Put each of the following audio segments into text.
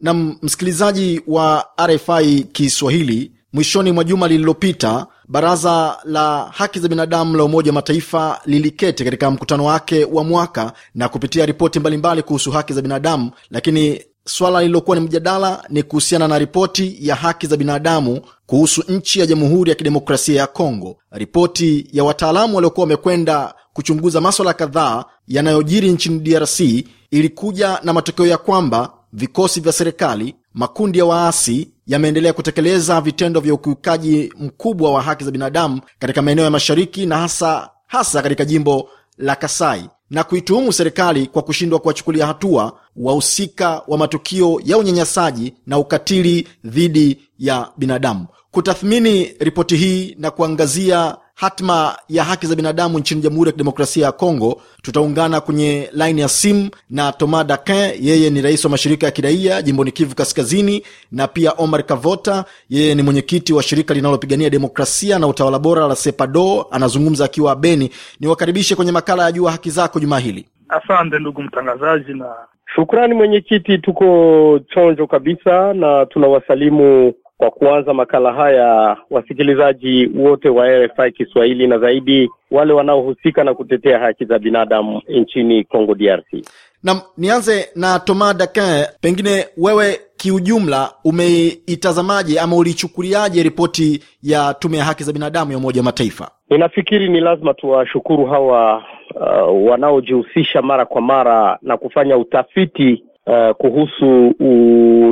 Na msikilizaji wa RFI Kiswahili, mwishoni mwa juma lililopita, baraza la haki za binadamu la Umoja wa Mataifa liliketi katika mkutano wake wa mwaka na kupitia ripoti mbalimbali kuhusu haki za binadamu, lakini swala lililokuwa ni mjadala ni kuhusiana na ripoti ya haki za binadamu kuhusu nchi ya Jamhuri ya Kidemokrasia ya Kongo, ripoti ya wataalamu waliokuwa wamekwenda kuchunguza maswala kadhaa yanayojiri nchini DRC ilikuja na matokeo ya kwamba vikosi vya serikali, makundi ya waasi yameendelea kutekeleza vitendo vya ukiukaji mkubwa wa haki za binadamu katika maeneo ya mashariki na hasa hasa katika jimbo la Kasai na kuituhumu serikali kwa kushindwa kuwachukulia hatua wahusika wa matukio ya unyanyasaji na ukatili dhidi ya binadamu kutathmini ripoti hii na kuangazia hatma ya haki za binadamu nchini Jamhuri ya Kidemokrasia ya Kongo, tutaungana kwenye laini ya simu na Thomas Dakin, yeye ni rais wa mashirika ya kiraia jimboni Kivu Kaskazini, na pia Omar Kavota, yeye ni mwenyekiti wa shirika linalopigania demokrasia na utawala bora la SEPADO, anazungumza akiwa Beni. Niwakaribishe kwenye makala ya Jua Haki Zako juma hili. Asante ndugu mtangazaji na Shukrani mwenyekiti, tuko chonjo kabisa na tunawasalimu kwa kuanza makala haya, wasikilizaji wote wa RFI Kiswahili na zaidi wale wanaohusika na kutetea haki za binadamu nchini Congo DRC. Nam, nianze na tomas Dakin, pengine wewe kiujumla umeitazamaje ama ulichukuliaje ripoti ya tume ya haki za binadamu ya Umoja wa Mataifa? Ninafikiri ni lazima tuwashukuru hawa uh, wanaojihusisha mara kwa mara na kufanya utafiti uh, kuhusu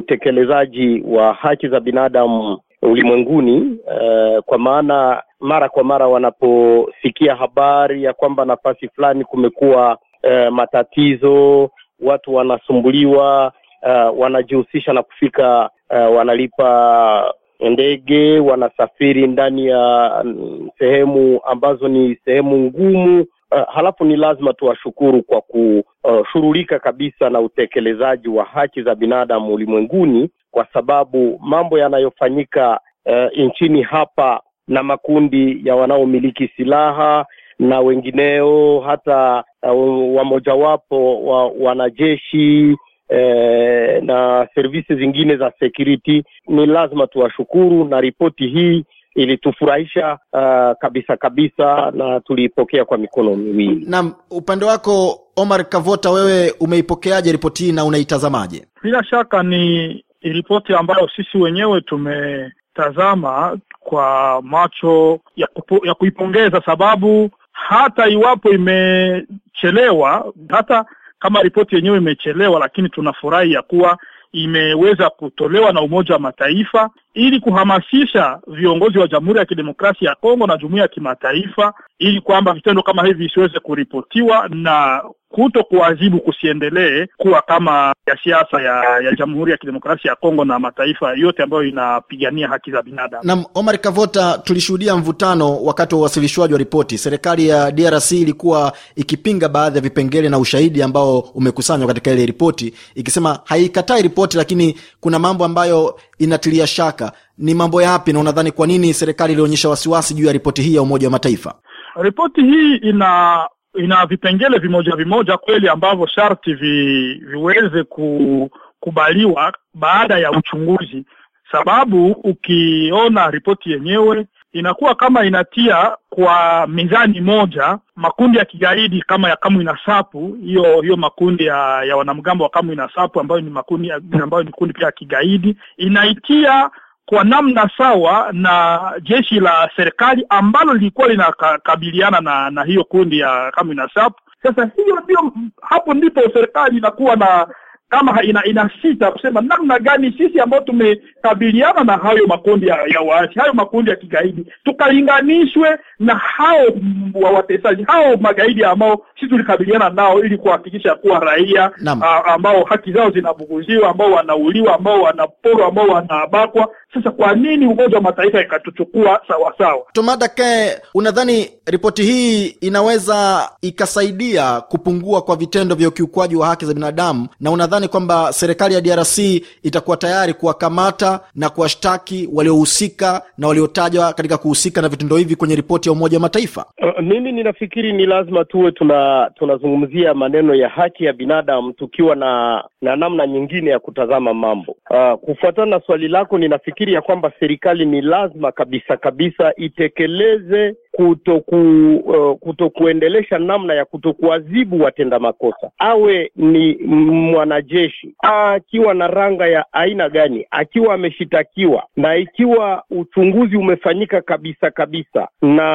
utekelezaji wa haki za binadamu ulimwenguni uh, kwa maana mara kwa mara wanaposikia habari ya kwamba nafasi fulani kumekuwa uh, matatizo, watu wanasumbuliwa uh, wanajihusisha na kufika uh, wanalipa Ndege wanasafiri ndani ya mm, sehemu ambazo ni sehemu ngumu. Uh, halafu ni lazima tuwashukuru kwa kushurulika kabisa na utekelezaji wa haki za binadamu ulimwenguni, kwa sababu mambo yanayofanyika uh, nchini hapa na makundi ya wanaomiliki silaha na wengineo hata uh, wamojawapo wa wanajeshi eh, na servisi zingine za security. Ni lazima tuwashukuru, na ripoti hii ilitufurahisha uh, kabisa kabisa, na tuliipokea kwa mikono miwili. nam upande wako Omar Kavota, wewe umeipokeaje ripoti hii na unaitazamaje? Bila shaka ni ripoti ambayo sisi wenyewe tumetazama kwa macho ya, kupo, ya kuipongeza, sababu hata iwapo imechelewa hata kama ripoti yenyewe imechelewa, lakini tunafurahi ya kuwa imeweza kutolewa na Umoja wa Mataifa ili kuhamasisha viongozi wa Jamhuri ya Kidemokrasia ya Kongo na jumuiya ya kimataifa ili kwamba vitendo kama hivi visiweze kuripotiwa na kuto kuadhibu kusiendelee kuwa kama ya siasa ya, ya Jamhuri ya Kidemokrasia ya Kongo na mataifa yote ambayo inapigania haki za binadamu. Naam, Omar Kavota, tulishuhudia mvutano wakati wa uwasilishwaji wa ripoti. Serikali ya DRC ilikuwa ikipinga baadhi ya vipengele na ushahidi ambao umekusanywa katika ile ripoti, ikisema haikatai ripoti, lakini kuna mambo ambayo inatilia shaka haraka, ni mambo yapi na unadhani kwa nini serikali ilionyesha wasiwasi juu ya ripoti hii ya Umoja wa Mataifa? Ripoti hii ina ina vipengele vimoja vimoja kweli ambavyo sharti vi, viweze kukubaliwa baada ya uchunguzi, sababu ukiona ripoti yenyewe inakuwa kama inatia kwa mizani moja makundi ya kigaidi kama ya Kamwina Nsapu, hiyo hiyo makundi ya, ya wanamgambo wa Kamwina Nsapu ambayo ni makundi ambayo ni kundi pia ya kigaidi, inaitia kwa namna sawa na jeshi la serikali ambalo lilikuwa linakabiliana na na hiyo kundi ya Kamunasap. Sasa hiyo ndio, hapo ndipo serikali inakuwa na kama ina, ina sita kusema namna gani sisi ambao tumekabiliana na hayo makundi ya, ya waasi hayo makundi ya kigaidi tukalinganishwe na hao wa watesaji hao magaidi ambao sisi tulikabiliana nao ili kuhakikisha kuwa raia a, ambao haki zao zinabuguziwa, ambao wanauliwa, ambao wanaporwa, ambao wanaabakwa. Sasa kwa nini Umoja wa Mataifa ikatuchukua sawasawa? Tomadake, unadhani ripoti hii inaweza ikasaidia kupungua kwa vitendo vya ukiukwaji wa haki za binadamu na unadhani ni kwamba serikali ya DRC itakuwa tayari kuwakamata na kuwashtaki waliohusika na waliotajwa katika kuhusika na vitendo hivi kwenye ripoti ya Umoja wa Mataifa? Uh, mimi ninafikiri ni lazima tuwe tuna tunazungumzia maneno ya haki ya binadamu tukiwa na na namna nyingine ya kutazama mambo. Uh, kufuatana na swali lako, ninafikiri ya kwamba serikali ni lazima kabisa kabisa itekeleze kutoku, uh, kutokuendelesha namna ya kutokuadhibu watenda makosa, awe ni mwanajeshi akiwa na ranga ya aina gani, akiwa ameshitakiwa na ikiwa uchunguzi umefanyika kabisa kabisa na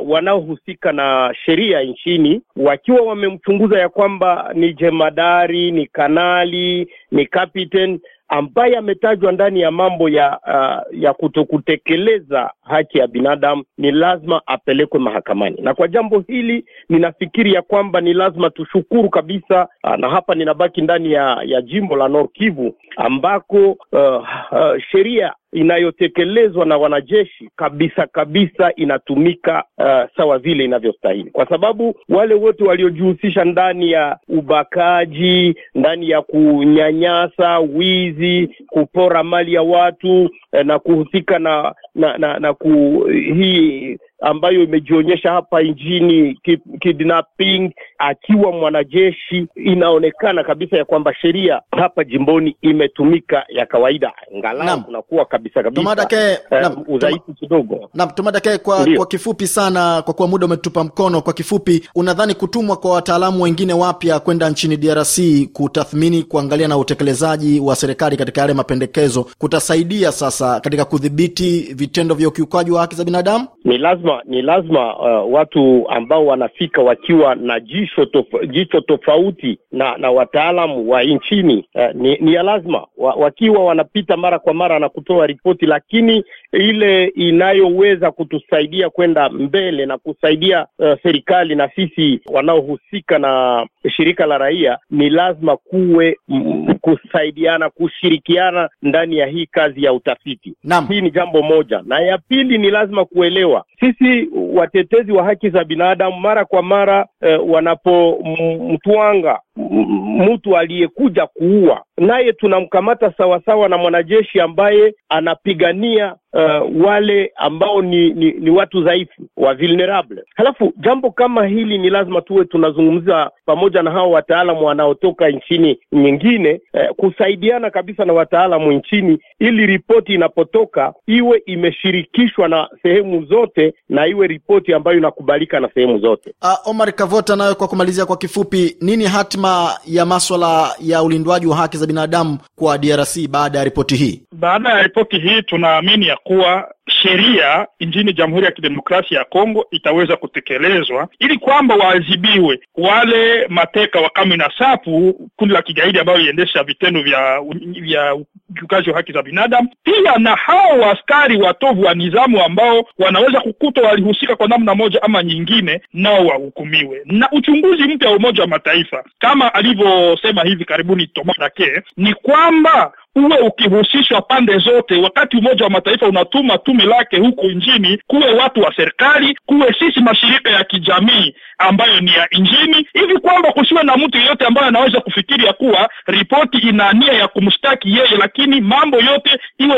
uh, wanaohusika na sheria nchini wakiwa wamemchunguza ya kwamba ni jemadari, ni kanali, ni kapiteni ambaye ametajwa ndani ya mambo ya uh, ya kutokutekeleza haki ya binadamu ni lazima apelekwe mahakamani. Na kwa jambo hili ninafikiri ya kwamba ni lazima tushukuru kabisa uh, na hapa ninabaki ndani ya, ya jimbo la norkivu Kivu ambako uh, uh, sheria inayotekelezwa na wanajeshi kabisa kabisa inatumika uh, sawa vile inavyostahili, kwa sababu wale wote waliojihusisha ndani ya ubakaji, ndani ya kunyanyasa, wizi, kupora mali ya watu eh, na kuhusika na na na, na ku, hii ambayo imejionyesha hapa nchini, kidnapping akiwa mwanajeshi, inaonekana kabisa ya kwamba sheria hapa jimboni imetumika ya kawaida, ngalau kunakuwa kabisa kabisa eh, udhaifu kidogo. Naam, tumadake kwa, kwa kifupi sana, kwa kuwa muda umetupa mkono, kwa kifupi, unadhani kutumwa kwa wataalamu wengine wapya kwenda nchini DRC kutathmini, kuangalia na utekelezaji wa serikali katika yale mapendekezo kutasaidia sasa katika kudhibiti vitendo vya ukiukaji wa haki za binadamu? Ni lazima lazima ni lazima uh, watu ambao wanafika wakiwa na jicho tof- jicho tofauti na na wataalamu wa nchini uh, ni, ni ya lazima wa, wakiwa wanapita mara kwa mara na kutoa ripoti, lakini ile inayoweza kutusaidia kwenda mbele na kusaidia uh, serikali na sisi wanaohusika na shirika la raia, ni lazima kuwe m- mm, kusaidiana, kushirikiana ndani ya hii kazi ya utafiti. Naam. Hii ni jambo moja, na ya pili ni lazima kuelewa sisi sisi watetezi wa haki za binadamu mara kwa mara eh, wanapomtwanga mtu aliyekuja kuua naye tunamkamata sawasawa na mwanajeshi ambaye anapigania uh, wale ambao ni, ni, ni watu dhaifu wa vulnerable. Halafu jambo kama hili ni lazima tuwe tunazungumza pamoja na hao wataalamu wanaotoka nchini nyingine eh, kusaidiana kabisa na wataalamu nchini, ili ripoti inapotoka iwe imeshirikishwa na sehemu zote na iwe ripoti ambayo inakubalika na sehemu zote. Uh, Omar Kavota, nayo kwa kumalizia kwa kifupi, nini hatima ya maswala ya ulindwaji wa haki za binadamu kwa DRC baada ya ripoti hii? Baada ya ripoti hii tunaamini ya kuwa sheria nchini Jamhuri ya Kidemokrasia ya Kongo itaweza kutekelezwa ili kwamba waadhibiwe wale mateka wa sapu kundi la kigaidi ambayo iendesha vitendo vya vya ukiukaji wa haki za binadamu, pia na hao askari watovu wa nizamu ambao wanaweza kukutwa walihusika kwa namna moja ama nyingine, nao wahukumiwe. Na uchunguzi mpya wa Umoja wa Mataifa kama alivyosema hivi karibuni Thomas ni kwamba uwe ukihusishwa pande zote. Wakati Umoja wa Mataifa unatuma tume lake huku nchini, kuwe watu wa serikali, kuwe sisi mashirika ya kijamii, ambayo ni ya injini, hivi kwamba kusiwe na mtu yeyote ambaye anaweza kufikiri ya kuwa ripoti ina nia ya kumshtaki yeye, lakini mambo yote iwe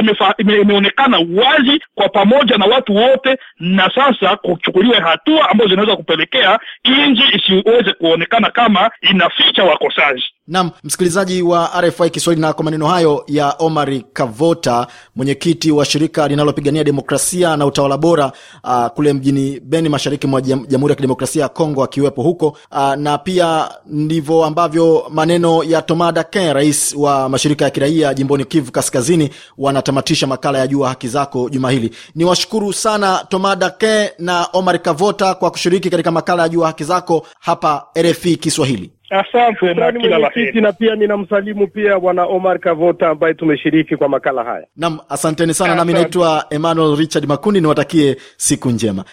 imeonekana wazi kwa pamoja na watu wote, na sasa kuchukuliwa hatua ambazo zinaweza kupelekea inji isiweze kuonekana kama inaficha wakosaji. nam msikilizaji wa RFI Kiswahili, na kwa maneno hayo ya Omari Kavota, mwenyekiti wa shirika linalopigania demokrasia na utawala bora uh, kule mjini Beni, mashariki mwa Jamhuri ya Kidemokrasia ya Kongo Kongo akiwepo huko uh, na pia ndivyo ambavyo maneno ya Tomada Ken, rais wa mashirika ya kiraia jimboni Kivu Kaskazini, wanatamatisha makala ya Jua Haki Zako juma hili. Ni washukuru sana Tomada Ken na Omar Kavota kwa kushiriki katika makala ya Jua Haki Zako hapa RFI Kiswahili. Asante na kila la heri, na pia ninamsalimu pia bwana Omar Kavota ambaye tumeshiriki kwa makala haya. Naam, asanteni sana. Nami naitwa Emmanuel Richard Makundi, niwatakie siku njema.